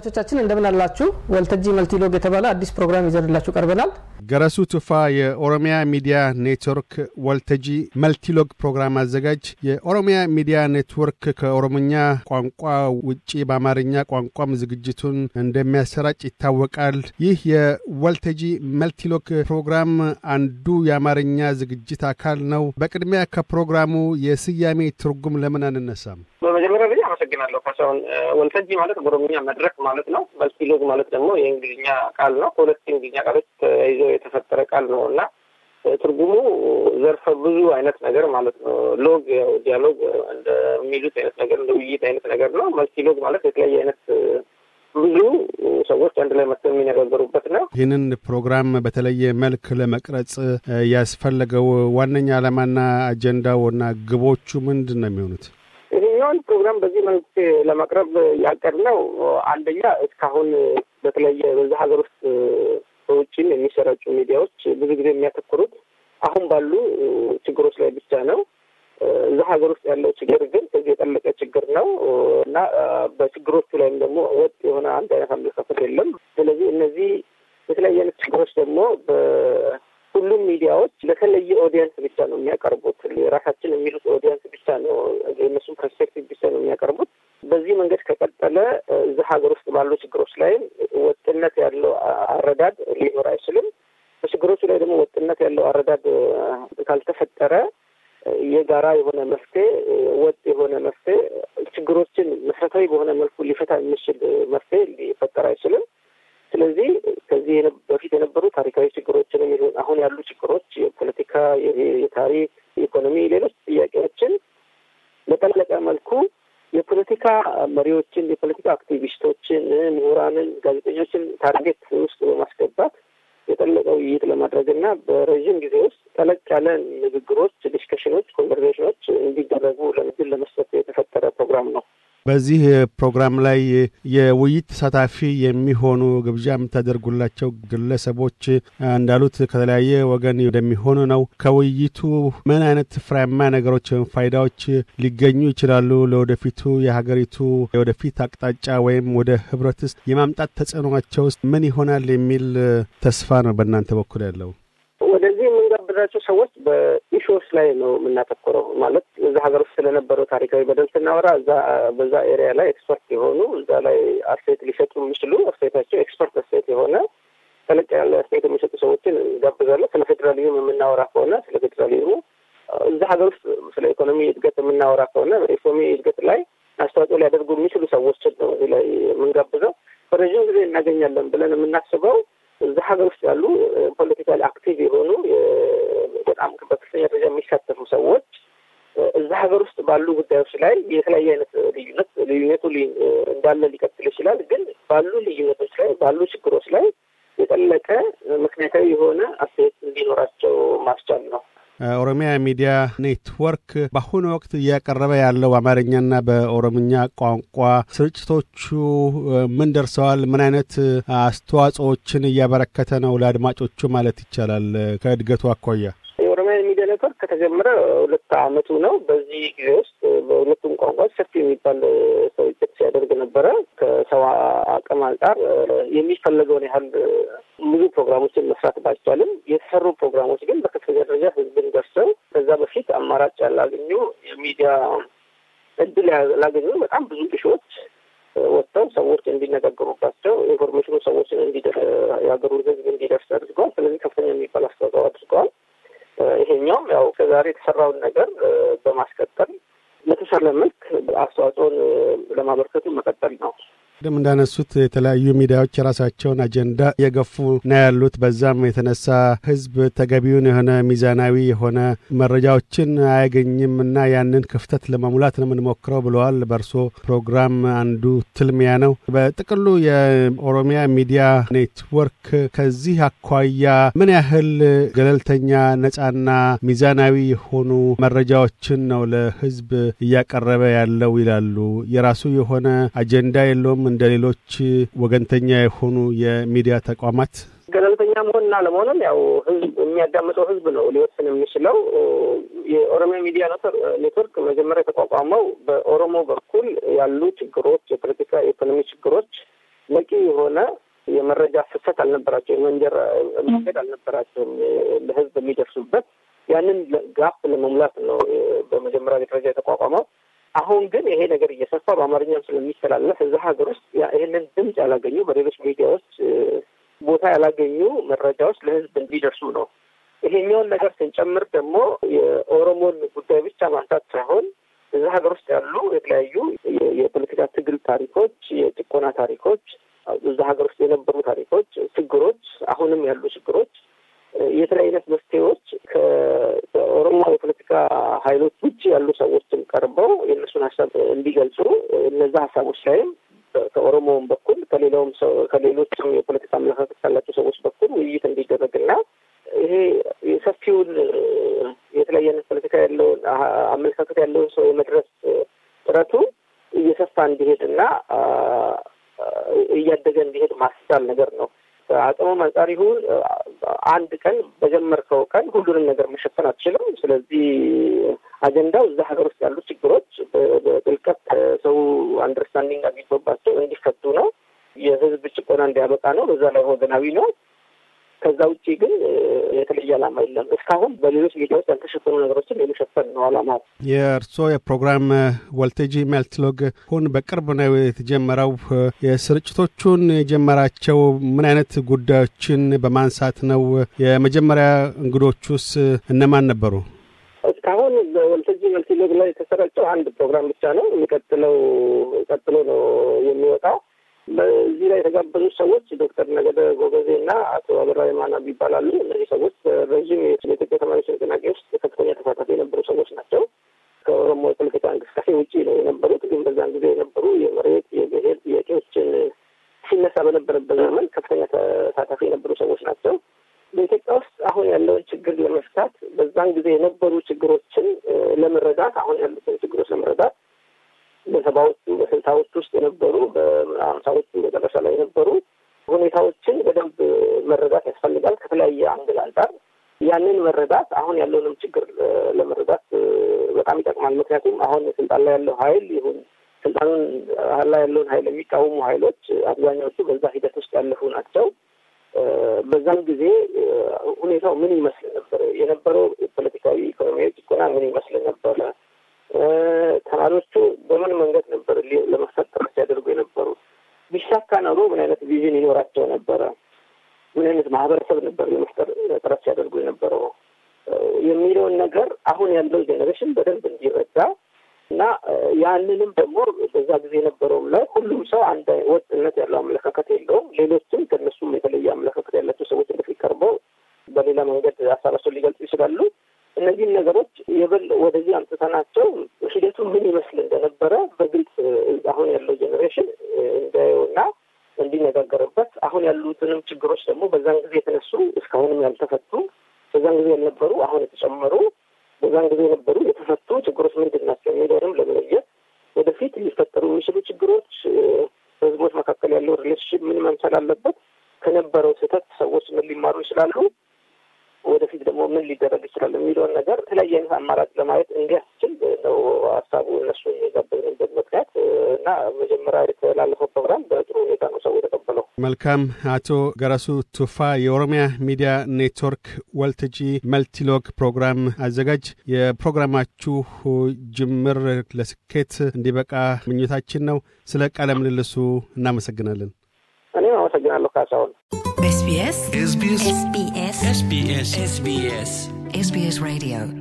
ተመልካቾቻችን እንደምን አላችሁ። ወልተጂ መልቲሎግ የተባለ አዲስ ፕሮግራም ይዘንላችሁ ቀርበናል። ገረሱ ቱፋ፣ የኦሮሚያ ሚዲያ ኔትወርክ ወልተጂ መልቲሎግ ፕሮግራም አዘጋጅ። የኦሮሚያ ሚዲያ ኔትወርክ ከኦሮምኛ ቋንቋ ውጪ በአማርኛ ቋንቋም ዝግጅቱን እንደሚያሰራጭ ይታወቃል። ይህ የወልተጂ መልቲሎግ ፕሮግራም አንዱ የአማርኛ ዝግጅት አካል ነው። በቅድሚያ ከፕሮግራሙ የስያሜ ትርጉም ለምን አንነሳም? አመሰግናለሁ። ካሳሁን ወንፈጂ ማለት በኦሮምኛ መድረክ ማለት ነው። በልሲሎግ ማለት ደግሞ የእንግሊዝኛ ቃል ነው። ከሁለት የእንግሊዝኛ ቃሎች ተይዞ የተፈጠረ ቃል ነው እና ትርጉሙ ዘርፈ ብዙ አይነት ነገር ማለት ነው። ሎግ ያው ዲያሎግ እንደሚሉት አይነት ነገር እንደ ውይይት አይነት ነገር ነው። መልሲሎግ ማለት የተለያየ አይነት ብዙ ሰዎች አንድ ላይ መጥተው የሚነጋገሩበት ነው። ይህንን ፕሮግራም በተለየ መልክ ለመቅረጽ ያስፈለገው ዋነኛ ዓላማና አጀንዳው እና ግቦቹ ምንድን ነው የሚሆኑት? የሚሆን ፕሮግራም በዚህ መልክ ለመቅረብ ለማቅረብ ነው አንደኛ እስካሁን በተለየ በዛ ሀገር ውስጥ ሰዎችን የሚሰራጩ ሚዲያዎች ብዙ ጊዜ የሚያተኩሩት አሁን ባሉ ችግሮች ላይ ብቻ ነው። እዛ ሀገር ውስጥ ያለው ችግር ግን ከዚህ የጠለቀ ችግር ነው እና በችግሮቹ ላይም ደግሞ ወጥ የሆነ አንድ አይነት አመለካከት የለም። ስለዚህ እነዚህ የተለያየ አይነት ችግሮች ደግሞ በሁሉም ሚዲያዎች ለተለየ ኦዲየንስ ብቻ ነው የሚያቀርቡት። ራሳችን የሚሉት ኦዲየንስ ብቻ ነው የእነሱን ፐርስፔክቲቭ ብቻ ነው የሚያቀርቡት። በዚህ መንገድ ከቀጠለ እዚህ ሀገር ውስጥ ባሉ ችግሮች ላይም ወጥነት ያለው አረዳድ ሊኖር አይችልም። በችግሮቹ ላይ ደግሞ ወጥነት ያለው አረዳድ ካልተፈጠረ የጋራ የሆነ መፍትሄ ወጥ የሆነ መፍትሄ ችግሮችን መሰረታዊ በሆነ መልኩ ሊፈታ የሚችል መፍትሄ ሊፈጠር አይችልም። ስለዚህ ከዚህ በፊት የነበሩ ታሪካዊ ችግሮችንም ይሁን አሁን ያሉ ችግሮች የፖለቲካ፣ የታሪክ፣ የኢኮኖሚ፣ ሌሎች ጥያቄዎችን በጠለቀ መልኩ የፖለቲካ መሪዎችን፣ የፖለቲካ አክቲቪስቶችን፣ ምሁራንን፣ ጋዜጠኞችን ታርጌት ውስጥ በማስገባት የጠለቀ ውይይት ለማድረግ እና በረዥም ጊዜ ውስጥ ጠለቅ ያለ ንግግሮች፣ ዲስከሽኖች፣ ኮንቨር በዚህ ፕሮግራም ላይ የውይይት ተሳታፊ የሚሆኑ ግብዣ የምታደርጉላቸው ግለሰቦች እንዳሉት ከተለያየ ወገን እንደሚሆኑ ነው። ከውይይቱ ምን አይነት ፍሬያማ ነገሮች ወይም ፋይዳዎች ሊገኙ ይችላሉ? ለወደፊቱ የሀገሪቱ የወደፊት አቅጣጫ ወይም ወደ ህብረት ውስጥ የማምጣት ተጽዕኖቸው ውስጥ ምን ይሆናል የሚል ተስፋ ነው በእናንተ በኩል ያለው? የምናነጋግራቸው ሰዎች በኢሹስ ላይ ነው የምናተኩረው። ማለት እዛ ሀገር ውስጥ ስለነበረው ታሪካዊ በደል ስናወራ እዛ በዛ ኤሪያ ላይ ኤክስፐርት የሆኑ እዛ ላይ አስተያየት ሊሰጡ የሚችሉ አስተያየታቸው ኤክስፐርት አስተያየት የሆነ ተለቅ ያለ አስተያየት የሚሰጡ ሰዎችን እንጋብዛለን። ስለ ፌዴራሊዝም የምናወራ ከሆነ ስለ ፌዴራሊዝሙ እዛ ሀገር ውስጥ ስለ ኢኮኖሚ እድገት የምናወራ ከሆነ በኢኮኖሚ እድገት ላይ አስተዋጽኦ ሊያደርጉ የሚችሉ ሰዎችን ነው እዚህ ላይ የምንጋብዘው። በረዥም ጊዜ እናገኛለን ብለን የምናስበው እዛ ሀገር ውስጥ ያሉ ፖለቲካሊ አክቲቭ የሆኑ የሚሳተፉ ሰዎች እዛ ሀገር ውስጥ ባሉ ጉዳዮች ላይ የተለያየ አይነት ልዩነት ልዩነቱ እንዳለ ሊቀጥል ይችላል። ግን ባሉ ልዩነቶች ላይ ባሉ ችግሮች ላይ የጠለቀ ምክንያታዊ የሆነ አስተያየት እንዲኖራቸው ማስቻል ነው። ኦሮሚያ ሚዲያ ኔትወርክ በአሁኑ ወቅት እያቀረበ ያለው በአማርኛና በኦሮምኛ ቋንቋ ስርጭቶቹ ምን ደርሰዋል? ምን አይነት አስተዋጽኦዎችን እያበረከተ ነው ለአድማጮቹ ማለት ይቻላል ከእድገቱ አኳያ? ደረጃ ኔትወርክ ከተጀመረ ሁለት አመቱ ነው። በዚህ ጊዜ ውስጥ በሁለቱም ቋንቋ ሰፊ የሚባል ሰው ሲያደርግ ነበረ። ከሰው አቅም አንጻር የሚፈለገውን ያህል ብዙ ፕሮግራሞችን መስራት ባይቻልም የተሰሩ ፕሮግራሞች ግን በከፍተኛ ደረጃ ህዝብን ደርሰው ከዛ በፊት አማራጭ ያላገኙ የሚዲያ እድል ላገኙ በጣም ብዙ ቅሾች ወጥተው ሰዎች እንዲነጋገሩባቸው ኢንፎርሜሽኑ ሰዎች ያገሩ ህዝብ እንዲደርስ አድርገዋል። ስለዚህ ከፍተኛ የሚባል አስተዋጽኦ አድርገዋል። ይሄኛውም ያው ከዛሬ የተሰራውን ነገር በማስቀጠል በተሻለ መልክ አስተዋጽኦን ለማበርከቱ መቀጠል ነው። ቅድም እንዳነሱት የተለያዩ ሚዲያዎች የራሳቸውን አጀንዳ እየገፉ ነው ያሉት። በዛም የተነሳ ህዝብ ተገቢውን የሆነ ሚዛናዊ የሆነ መረጃዎችን አያገኝም እና ያንን ክፍተት ለመሙላት ነው የምንሞክረው ብለዋል። በእርሶ ፕሮግራም አንዱ ትልሚያ ነው። በጥቅሉ የኦሮሚያ ሚዲያ ኔትወርክ ከዚህ አኳያ ምን ያህል ገለልተኛ፣ ነጻና ሚዛናዊ የሆኑ መረጃዎችን ነው ለህዝብ እያቀረበ ያለው ይላሉ? የራሱ የሆነ አጀንዳ የለውም እንደ ሌሎች ወገንተኛ የሆኑ የሚዲያ ተቋማት ገለልተኛ መሆንና ለመሆንም ያው ህዝብ የሚያዳምጠው ህዝብ ነው ሊወስን የሚችለው። የኦሮሚያ ሚዲያ ኔትወርክ መጀመሪያ የተቋቋመው በኦሮሞ በኩል ያሉ ችግሮች፣ የፖለቲካ የኢኮኖሚ ችግሮች በቂ የሆነ የመረጃ ፍሰት አልነበራቸውም፣ የመንገድ መንገድ አልነበራቸውም ለህዝብ የሚደርሱበት። ያንን ጋፍ ለመሙላት ነው በመጀመሪያ ደረጃ የተቋቋመው። አሁን ግን ይሄ ነገር እየሰፋ በአማርኛም ስለሚተላለፍ እዛ ሀገር ውስጥ ይህንን ድምፅ ያላገኙ በሌሎች ሚዲያዎች ቦታ ያላገኙ መረጃዎች ለህዝብ እንዲደርሱ ነው። ይሄኛውን ነገር ስንጨምር ደግሞ የኦሮሞን ጉዳይ ብቻ ማንሳት ሳይሆን እዛ ሀገር ውስጥ ያሉ የተለያዩ የፖለቲካ ትግል ታሪኮች፣ የጭቆና ታሪኮች፣ እዛ ሀገር ውስጥ የነበሩ ታሪኮች፣ ችግሮች፣ አሁንም ያሉ ችግሮች፣ የተለያዩ አይነት መፍትሄዎች ከፖለቲካ ሀይሎች ውጭ ያሉ ሰዎችም ቀርበው የእነሱን ሀሳብ እንዲገልጹ እነዛ ሀሳቦች ሳይም ከኦሮሞውም በኩል ከሌላውም ሰው ከሌሎችም የፖለቲካ አመለካከት ካላቸው ሰዎች በኩል ውይይት እንዲደረግና ይሄ የሰፊውን የተለያየ አይነት ፖለቲካ ያለውን አመለካከት ያለውን ሰው የመድረስ ጥረቱ እየሰፋ እንዲሄድና እያደገ እንዲሄድ ማስቻል ነገር ነው። ከአቅሙም አንጻር ይሁን አንድ ቀን በጀመርከው ቀን ሁሉንም ነገር መሸፈን አትችልም። ስለዚህ አጀንዳው እዛ ሀገር ውስጥ ያሉት ችግሮች በጥልቀት ሰው አንደርስታንዲንግ አግኝቶባቸው እንዲፈቱ ነው። የህዝብ ጭቆና እንዲያበቃ ነው። በዛ ላይ ወገናዊ ነው። ከዛ ውጭ ግን የተለየ አላማ የለም። እስካሁን በሌሎች ሚዲያዎች ያልተሸፈኑ ነገሮችን የመሸፈን ነው አላማ። የእርስዎ የፕሮግራም ቮልቴጅ ሜልትሎግ ሁን በቅርብ ነው የተጀመረው። የስርጭቶቹን የጀመራቸው ምን አይነት ጉዳዮችን በማንሳት ነው? የመጀመሪያ እንግዶቹስ እነማን ነበሩ? እስካሁን በወልተጂ መልቲሎግ ላይ የተሰራጨው አንድ ፕሮግራም ብቻ ነው። የሚቀጥለው ቀጥሎ ነው የሚወጣው በዚህ ላይ የተጋበዙት ሰዎች ዶክተር ነገደ ጎበዜ እና አቶ አበራ የማነ ይባላሉ። እነዚህ ሰዎች ረዥም የኢትዮጵያ ተማሪዎች ንቅናቄ ውስጥ ከፍተኛ ተሳታፊ የነበሩ ሰዎች ናቸው። ከኦሮሞ የፖለቲካ እንቅስቃሴ ውጭ ነው የነበሩት። ግን በዛን ጊዜ የነበሩ የመሬት የብሔር ጥያቄዎችን ሲነሳ በነበረበት ዘመን ከፍተኛ ተሳታፊ የነበሩ ሰዎች ናቸው። በኢትዮጵያ ውስጥ አሁን ያለውን ችግር ለመፍታት በዛን ጊዜ የነበሩ ችግሮችን ለመረዳት አሁን ያሉትን ችግሮች ለመረዳት በሰባዎቹ በስልሳዎቹ ውስጥ የነበሩ በሀምሳዎች መጨረሻ ላይ የነበሩ ሁኔታዎችን በደንብ መረዳት ያስፈልጋል። ከተለያየ አንግል አንጻር ያንን መረዳት አሁን ያለውንም ችግር ለመረዳት በጣም ይጠቅማል። ምክንያቱም አሁን ስልጣን ላይ ያለው ኃይል ይሁን ስልጣኑን ላይ ያለውን ኃይል የሚቃወሙ ኃይሎች አብዛኛዎቹ በዛ ሂደት ውስጥ ያለፉ ናቸው። በዛም ጊዜ ሁኔታው ምን ይመስል ነበር? የነበረው ፖለቲካዊ ኢኮኖሚያዊ ጭቆና ምን ይመስል ነበረ? ተማሪዎቹ በምን መንገድ ነበር ለመፍታት ጥረት ሲያደርጉ የነበሩት? ቢሳካ ኖሮ ምን አይነት ቪዥን ይኖራቸው ነበረ? ምን አይነት ማህበረሰብ ነበር ለመፍጠር ጥረት ሲያደርጉ የነበረው የሚለውን ነገር አሁን ያለው ጄኔሬሽን በደንብ እንዲረዳ እና ያንንም ደግሞ በዛ ጊዜ የነበረውም ላይ ሁሉም ሰው አንድ ወጥነት ያለው አመለካከት የለውም። ሌሎችም ከነሱም ችግሮች ደግሞ በዛን ጊዜ የተነሱ እስካሁንም ያልተፈቱ በዛን ጊዜ ያልነበሩ አሁን የተጨመሩ በዛን ጊዜ የነበሩ የተፈቱ ችግሮች ምንድን ናቸው የሚለውንም ለመለየት ወደፊት ሊፈጠሩ የሚችሉ ችግሮች፣ በህዝቦች መካከል ያለው ሪሌሽንሽፕ ምን መምሰል አለበት፣ ከነበረው ስህተት ሰዎች ምን ሊማሩ ይችላሉ ደግሞ ምን ሊደረግ ይችላል የሚለውን ነገር የተለያየ አይነት አማራጭ ለማየት እንዲያስችል ነው ሀሳቡ እነሱ የጋበዝንበት ምክንያት እና መጀመሪያ የተላለፈው ፕሮግራም በጥሩ ሁኔታ ነው ሰው የተቀበለው። መልካም። አቶ ገረሱ ቱፋ የኦሮሚያ ሚዲያ ኔትወርክ ወልትጂ መልቲሎግ ፕሮግራም አዘጋጅ፣ የፕሮግራማችሁ ጅምር ለስኬት እንዲበቃ ምኞታችን ነው። ስለ ቃለ ምልልሱ እናመሰግናለን። እኔም አመሰግናለሁ ካሳሁን። SBS SBS SBS SBS SBS, SBS Radio